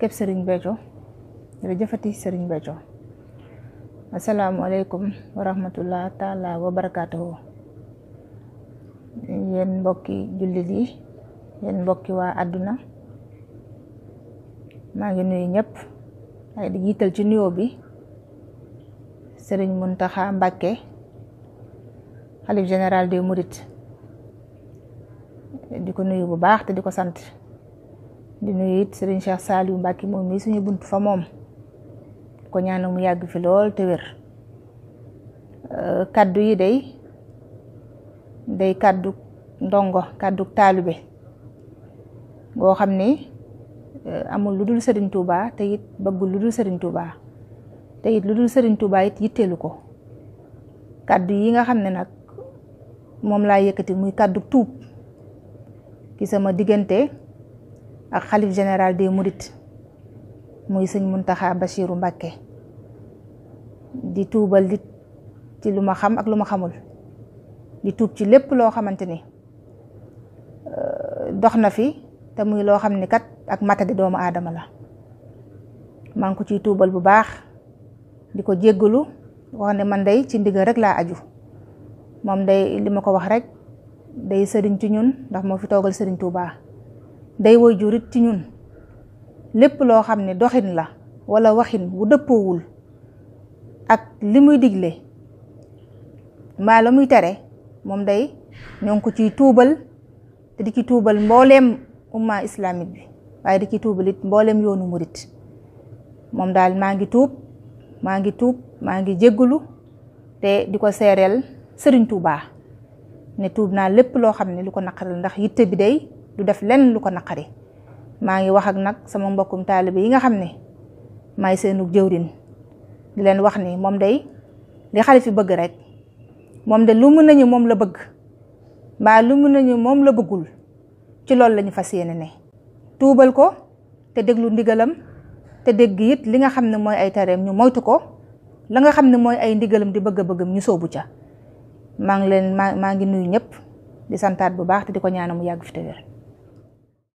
képp bejo, bejo dara jëfati bejo. Béthio asalaamualeykum wa rahmatullah taala wa barakatuhu yéen mbokki jullit yi yéen mbokki waa àdduna maa ngi ay di jiital ci nuyoo bi sëriñ Muntaxa Mbàkke xalif général des Mourides di ko nuyu bu baax te sant di nuyu it Serigne Cheikh Saliou Mbacke moom mii suñu bunt fa moom ko ñaanoom yàgg fi lool te wér euh, kaddu yi day day kàddu ndongo kaddu taalibe goo xam ni euh, amul lu dul Serigne Touba te it bëggul lu dul Serigne Touba te lu dul Serigne Touba it yitteelu ko kaddu yi nga xam ne nag moom laa yëkkati muy kàddu tuub ci sama diggante. ak xalif general des mourid muy seigne muntaha bashirou mbake di tubal di ci luma xam ak lu xamul di toub ci lepp lo xamanteni euh doxna fi te muy lo xamni kat ak mata di doomu adama la mang ko ci toubal bu baax di ko waxne man day ci ndigal rek la aju mom day limako wax rek day serigne ci ñun ndax mo fi togal serigne touba day woy jurit ci ñun lépp loo xam ne doxin la wala waxin wu dëppoowul ak li muy digle maa la muy tere moom day ñoo ngi ciy tuubal te di ki tuubal mbooleem umma islamique bi waaye di ci tuubal it mbooleem yoonu murit moom daal maa ngi tuub maa ngi tuub maa ngi jéggulu te di ko seereel Sëriñ Tuubaa ne tuub naa lépp loo xam ne lu ko naqaral ndax yitte bi day lu def lenn lu ko naqari maa ngi wax ak nag sama mbokkum taalibe yi nga xam ne maay seenu jëwrin di leen wax ni moom dey li xale fi bëgg rek moom de lu mun nañu moom la bëgg mbaa lu mun nañu moom la bëggul ci loolu lañu fas yéene ne tuubal ko te déglu ndigalam te dégg it li nga xam ne mooy ay tareem ñu moytu ko la nga xam ne mooy ay ndigalam di bëgg bëggam ñu soobu ca maa ngi leen maa maa ngi nuyu ñëpp di santaat bu baax te di ko ñaanal mu yàgg fi te